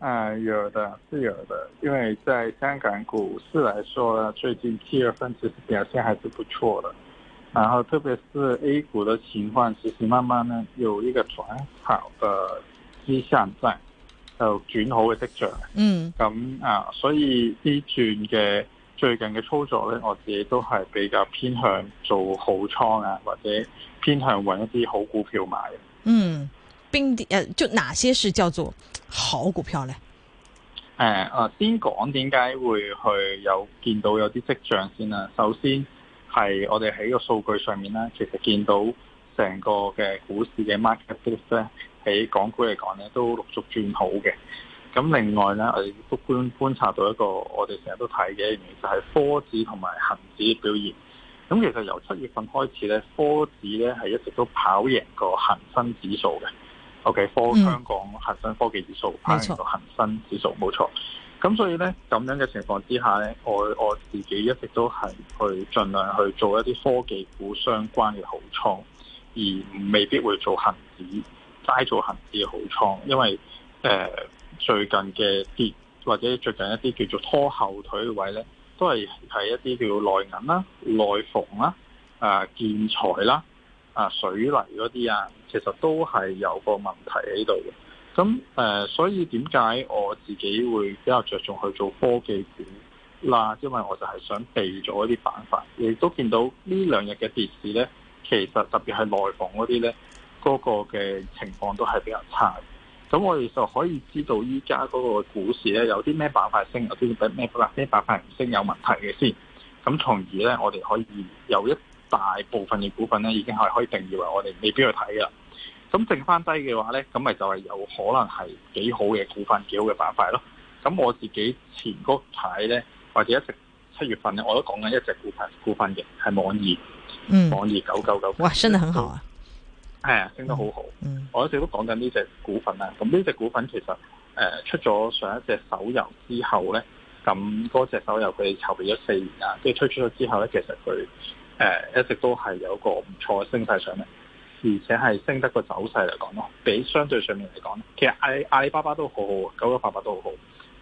啊，有的是有的，因為在香港股市來說，最近七月份其實表現還是不錯的，然後特別是 A 股的情況，其實慢慢呢有一個轉好的跡象在，就轉好嘅跡象。嗯，咁、嗯、啊，所以呢轉嘅最近嘅操作呢，我自己都係比較偏向做好倉啊，或者偏向搵一啲好股票買的。嗯，邊啲誒？就哪些是叫做？好股票咧？誒，啊，先講點解會去有見到有啲跡象先啦。首先係我哋喺個數據上面咧，其實見到成個嘅股市嘅 marketplace 咧，喺港股嚟講咧都陸續轉好嘅。咁另外咧，我哋都觀觀察到一個我哋成日都睇嘅，就係科指同埋恒指嘅表現。咁其實由七月份開始咧，科指咧係一直都跑贏個恒生指數嘅。O.K. 科、嗯、香港恒生科技指數係個恒生指數冇錯。咁所以咧，咁樣嘅情況之下咧，我我自己一直都係去盡量去做一啲科技股相關嘅好倉，而未必會做恒指，齋做恒指嘅好倉。因為誒、呃、最近嘅跌，或者最近一啲叫做拖後腿嘅位咧，都係係一啲叫做內銀啦、內房啦、啊、建材啦。啊水泥嗰啲啊，其實都係有個問題喺度嘅。咁誒、呃，所以點解我自己會比較着重去做科技股啦？因為我就係想避咗一啲板塊。亦都見到呢兩日嘅跌市咧，其實特別係內房嗰啲咧，嗰、嗰個嘅情況都係比較差的。咁我哋就可以知道依家嗰個股市咧，有啲咩板塊升，有啲咩板塊啲板塊唔升有問題嘅先。咁從而咧，我哋可以有一。大部分嘅股份咧，已經係可以定義為我哋未必去睇噶。咁剩返低嘅話咧，咁咪就係有可能係幾好嘅股份，幾好嘅板塊咯。咁我自己前嗰排咧，或者一直七月份咧，我都講緊一隻股份，股份型係網易，嗯、網易九九九。哇，真係很好啊！係啊，升得好好。嗯嗯、我一直都講緊呢隻股份啦。咁呢隻股份其實誒、呃、出咗上一隻手遊之後咧。咁嗰隻手遊佢哋籌備咗四年啊，即係推出咗之後咧，其實佢、呃、一直都係有個唔錯嘅升勢上嚟，而且係升得個走勢嚟講咯，比相對上面嚟講，其實阿阿里巴巴都好好，九九八八都好好，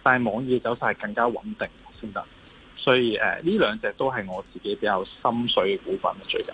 但係網易走勢係更加穩定先得，所以呃、呢兩隻都係我自己比較心水嘅股份最近。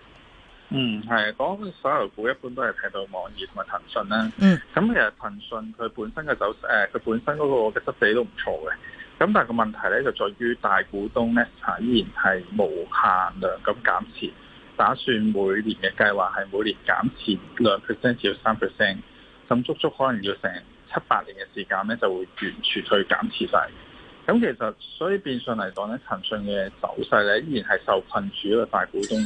嗯，係講翻手遊股，一般都係劈到網易同埋騰訊啦。嗯，咁其實騰訊佢本身嘅走勢，誒佢本身嗰個嘅質地都唔錯嘅。咁但係個問題咧，就在於大股東咧，依然係無限量咁減持，打算每年嘅計劃係每年減持兩 percent 至到三 percent，咁足足可能要成七八年嘅時間咧，就會完全去減持晒。咁其實，所以變相嚟講咧，騰訊嘅走勢咧，依然係受困住一個大股東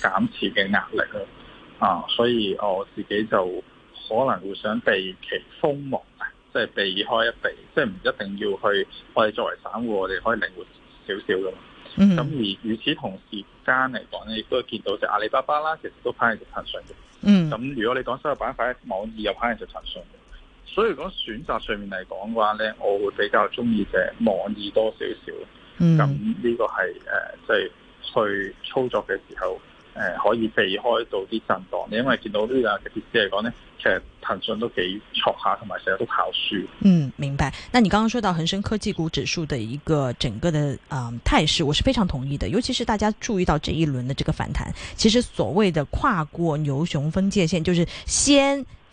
減持嘅壓力咯。啊，所以我自己就可能會想避其鋒芒，即係避開一避，即係唔一定要去。我哋作為散戶，我哋可以靈活少少嘅嘛。咁、mm. 而與此同時間嚟講咧，亦都見到就阿里巴巴啦，其實都派嘅做騰訊嘅。嗯。咁如果你講所有板塊，網易又派嘅做騰訊。所以如果選擇上面嚟講嘅話咧，我會比較中意就係網易多少少。咁、嗯、呢個係誒，即、呃、係、就是、去操作嘅時候誒、呃，可以避開到啲震盪。你因為見到個 PC 來呢個嘅設施嚟講咧，其實騰訊都幾挫下，同埋成日都跑輸。嗯，明白。那你剛剛說到恒生科技股指數嘅一個整個的啊、呃、態勢，我是非常同意的。尤其是大家注意到這一輪的這個反彈，其實所謂的跨過牛熊分界線，就是先。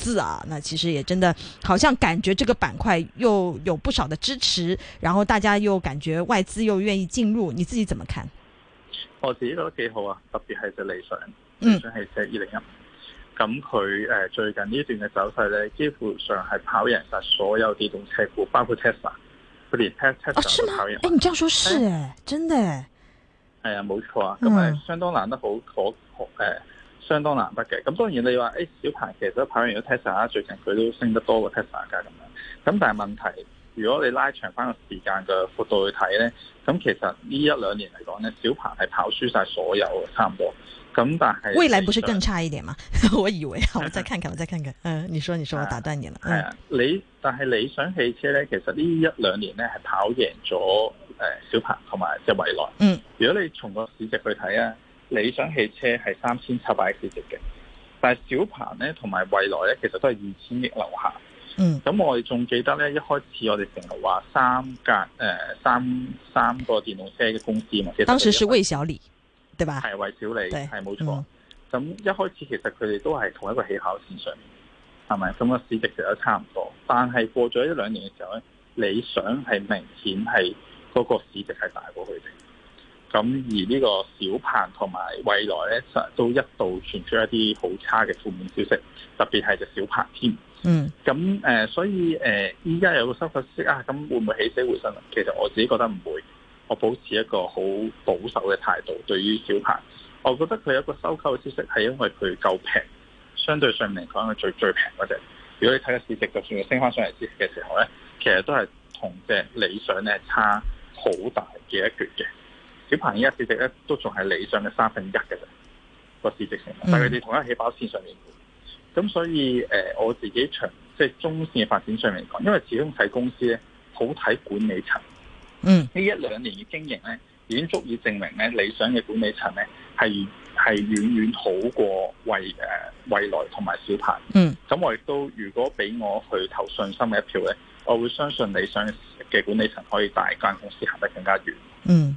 字啊，那其實也真的，好像感覺這個板塊又有不少的支持，然後大家又感覺外資又願意進入，你自己怎麼看？我自己覺得幾好啊，特別係隻理想，理想係隻二零一五、嗯。咁佢誒最近呢段嘅走勢咧，幾乎上係跑贏晒所有電動車股，包括 Tesla，佢連 Tesla 都跑贏、啊是嗎，誒你這樣說是，是、欸、誒，真的，係啊冇錯啊，咁係相當難得好，好、嗯、誒。相當難得嘅，咁當然你話誒、哎，小鵬其實都跑完咗 Tesla 最近佢都升得多過 Tesla 噶咁樣，咁但係問題，如果你拉長翻個時間嘅幅度去睇咧，咁其實呢一兩年嚟講咧，小鵬係跑輸晒所有嘅差唔多，咁但係未來不是更差一點嘛我以為好，我再看看，我、啊、再看看，嗯，你說，你說，我打斷你啦係啊，你但係理想汽車咧，其實呢一兩年咧係跑贏咗誒、呃，小鵬同埋即係蔚來。嗯，如果你從個市值去睇啊。理想汽車係三千七百億市值嘅，但係小鵬咧同埋蔚來咧，其實都係二千億樓下。嗯，咁我哋仲記得咧，一開始我哋成日話三格、誒、呃、三三個電動車嘅公司嘛，即係當時是蔚小理，對吧？係蔚小理，係冇錯。咁、嗯、一開始其實佢哋都係同一個起跑線上，係咪？咁個市值其實都差唔多，但係過咗一兩年嘅時候咧，理想係明顯係嗰個市值係大過佢哋。咁而呢個小鵬同埋蔚來咧，都一度傳出一啲好差嘅負面消息，特別係隻小鵬添。嗯。咁誒，所以誒，依、呃、家有個收購息啊，咁會唔會起死回生呢？其實我自己覺得唔會，我保持一個好保守嘅態度。對於小鵬，我覺得佢有一個收購消息係因為佢夠平，相對上嚟講係最最平嗰隻。如果你睇個市值，就算佢升翻上嚟啲嘅時候咧，其實都係同隻理想咧差好大嘅一橛嘅。小鵬呢一市值咧都仲係理想嘅三分之一嘅啫，個市值成分，嗯、但係佢哋同一起跑線上面，咁所以誒我自己長即係中線嘅發展上嚟講，因為始終睇公司咧，好睇管理層。嗯。一兩呢一兩年嘅經營咧，已經足以證明咧理想嘅管理層咧係係遠遠好過為誒未來同埋小鵬。嗯。咁我亦都如果俾我去投信心嘅一票咧，我會相信理想嘅管理層可以帶間公司行得更加遠。嗯。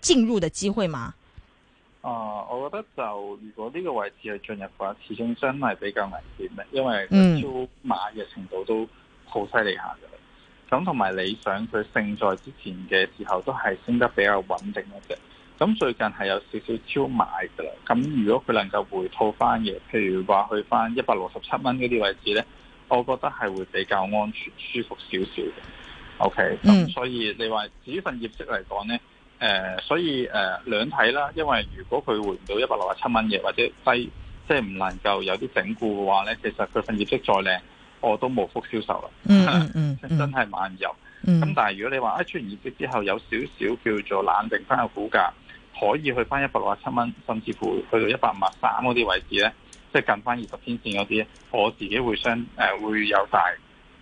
進入嘅機會嘛，啊，我覺得就如果呢個位置去進入嘅話，始終真係比較危險嘅，因為超買嘅程度都好犀利下嘅。咁同埋理想佢勝在之前嘅時候都係升得比較穩定一啲。咁最近係有少少超買噶啦。咁如果佢能夠回吐翻嘅，譬如話去翻一百六十七蚊嗰啲位置咧，我覺得係會比較安全舒服少少嘅。OK，咁所以你話至於份業績嚟講咧？誒、呃，所以誒、呃、兩睇啦，因為如果佢回唔到一百六十七蚊嘅，或者低，即係唔能夠有啲整固嘅話咧，其實佢份業績再靚，我都冇福消受啦。嗯嗯，嗯，呵呵，真係漫遊。咁、嗯、但係如果你話一、啊、出完業績之後有少少叫做冷定翻個股價，可以去翻一百六十七蚊，甚至乎去到一百五十三嗰啲位置咧，即、就、係、是、近翻二十天線嗰啲，我自己會相誒、呃、會有大。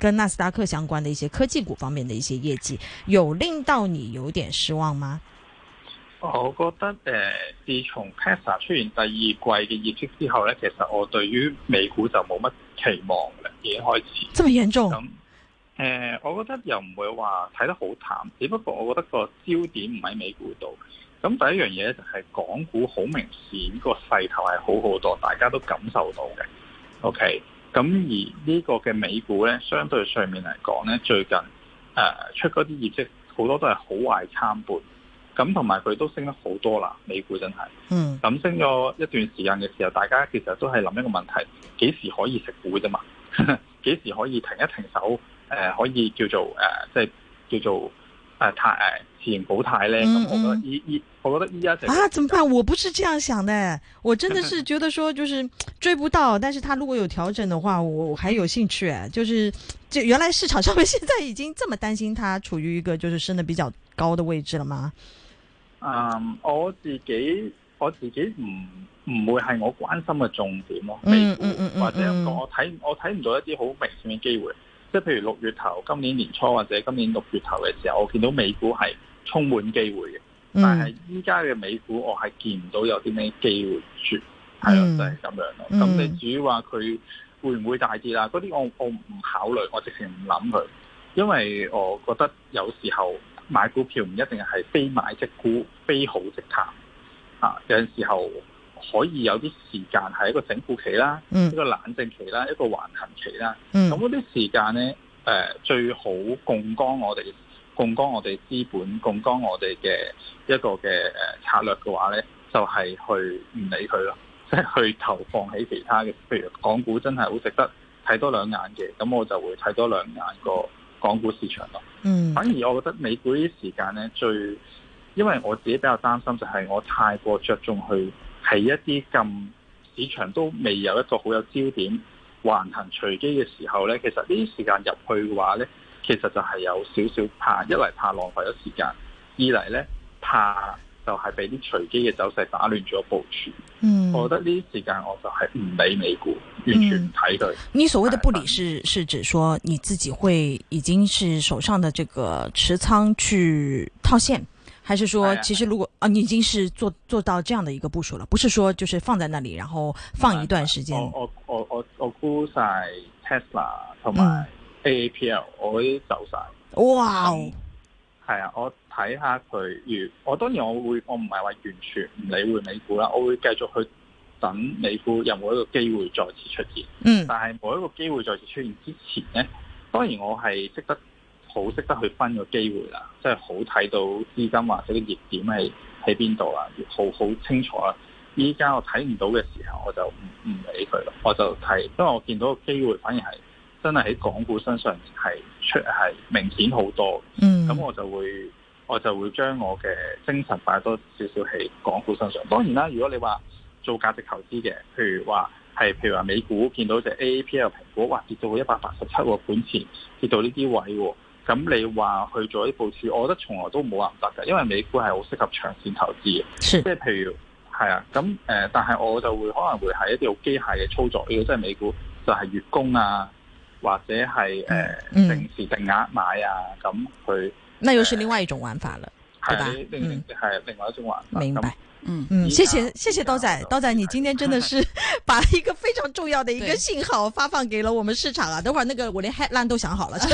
跟納斯達克相關的一些科技股方面的一些業績，有令到你有點失望嗎？我覺得誒、呃，自從 Tesla 出現第二季嘅業績之後咧，其實我對於美股就冇乜期望嘅，已經開始。咁嚴重？咁誒、嗯呃，我覺得又唔會話睇得好淡，只不過我覺得個焦點唔喺美股度。咁、嗯、第一樣嘢就係港股好明顯、個勢頭係好好多，大家都感受到嘅。OK。咁而呢個嘅美股呢，相對上面嚟講呢，最近誒、呃、出嗰啲業績好多都係好壞參半，咁同埋佢都升得好多啦，美股真係。嗯。咁升咗一段時間嘅時候，大家其實都係諗一個問題：幾時可以食股啫嘛？幾 時可以停一停手？呃、可以叫做誒，即、呃、係、即係、叫做。誒、呃，泰自然保泰咧，咁、嗯嗯、我覺得依依，我覺得依家啊，怎麼辦？我不是這樣想的，我真的是覺得說，就是追不到。 但是，他如果有調整的話，我我還有興趣誒、啊。就是，就原來市場上面現在已經這麼擔心，他處於一個就是升得比較高的位置了嗎？嗯，我自己我自己唔唔會係我關心嘅重點咯、啊，美股、嗯嗯嗯嗯、或者我睇我睇唔到一啲好明顯嘅機會。即係譬如六月頭，今年年初或者今年六月頭嘅時候，我見到美股係充滿機會嘅、嗯。但係依家嘅美股，我係見唔到有啲咩機會説，係咯就係、是、咁樣咯。咁你至，至於話佢會唔會大啲啦？嗰啲我我唔考慮，我直情唔諗佢，因為我覺得有時候買股票唔一定係非買即沽，非好即淡，有陣時候。可以有啲時間係一個整固期啦、嗯，一個冷靜期啦，一個橫行期啦。咁嗰啲時間咧、呃，最好槓桿我哋，槓桿我哋資本，槓桿我哋嘅一個嘅策略嘅話咧，就係、是、去唔理佢咯，即、就、係、是、去投放喺其他嘅，譬如港股真係好值得睇多兩眼嘅，咁我就會睇多兩眼個港股市場咯、嗯。反而我覺得美股呢啲時間咧最，因為我自己比較擔心就係我太過著重去。喺一啲咁市場都未有一個好有焦點，橫行隨機嘅時候咧，其實呢啲時間入去嘅話咧，其實就係有少少怕，一嚟怕浪費咗時間，二嚟咧怕就係俾啲隨機嘅走勢打亂咗部署。嗯，我覺得呢啲時間我就係唔理美股，完全唔睇佢、嗯。你所謂的不理是是指說你自己會已經是手上的這個持倉去套現。還是說，其實如果啊，啊，你已經是做做到這樣的一個部署了，不是說就是放在那裡，然後放一段時間。啊、我我我我沽 AAPL、嗯、我沽晒 Tesla 同埋 AAPL，我已經走晒。哇！係、嗯、啊，我睇下佢完。我當然我會，我唔係話完全唔理會美股啦，我會繼續去等美股有冇一個機會再次出現。嗯。但係冇一個機會再次出現之前呢，當然我係識得。好識得去分個機會啦，即係好睇到資金或者啲熱點係喺邊度啊，好好清楚啦。依家我睇唔到嘅時候我，我就唔唔理佢啦，我就睇，因為我見到個機會反而係真係喺港股身上係出係明顯好多。嗯，咁我就會，我就會將我嘅精神擺多少少喺港股身上。當然啦，如果你話做價值投資嘅，譬如話，係譬如話美股見到隻 AAPL 蘋果，哇跌到一百八十七個本錢，跌到呢啲位咁你話去做呢部事，我覺得從來都冇話唔得嘅，因為美股係好適合長線投資嘅，即係譬如係啊，咁誒、呃，但係我就會，呃、我就會可能會係一啲好機械嘅操作，如果真係美股就係月供啊，或者係誒定時定額買啊，咁佢、嗯呃。那又是另外一種玩法了，對吧？係、嗯、另外一種玩法。明白。嗯嗯，謝謝謝謝刀仔，刀仔，刀仔、嗯、你今天真的是把一個非常重要的一個信號發放給了我們市場啊！等會兒那個我連 headline 都想好了，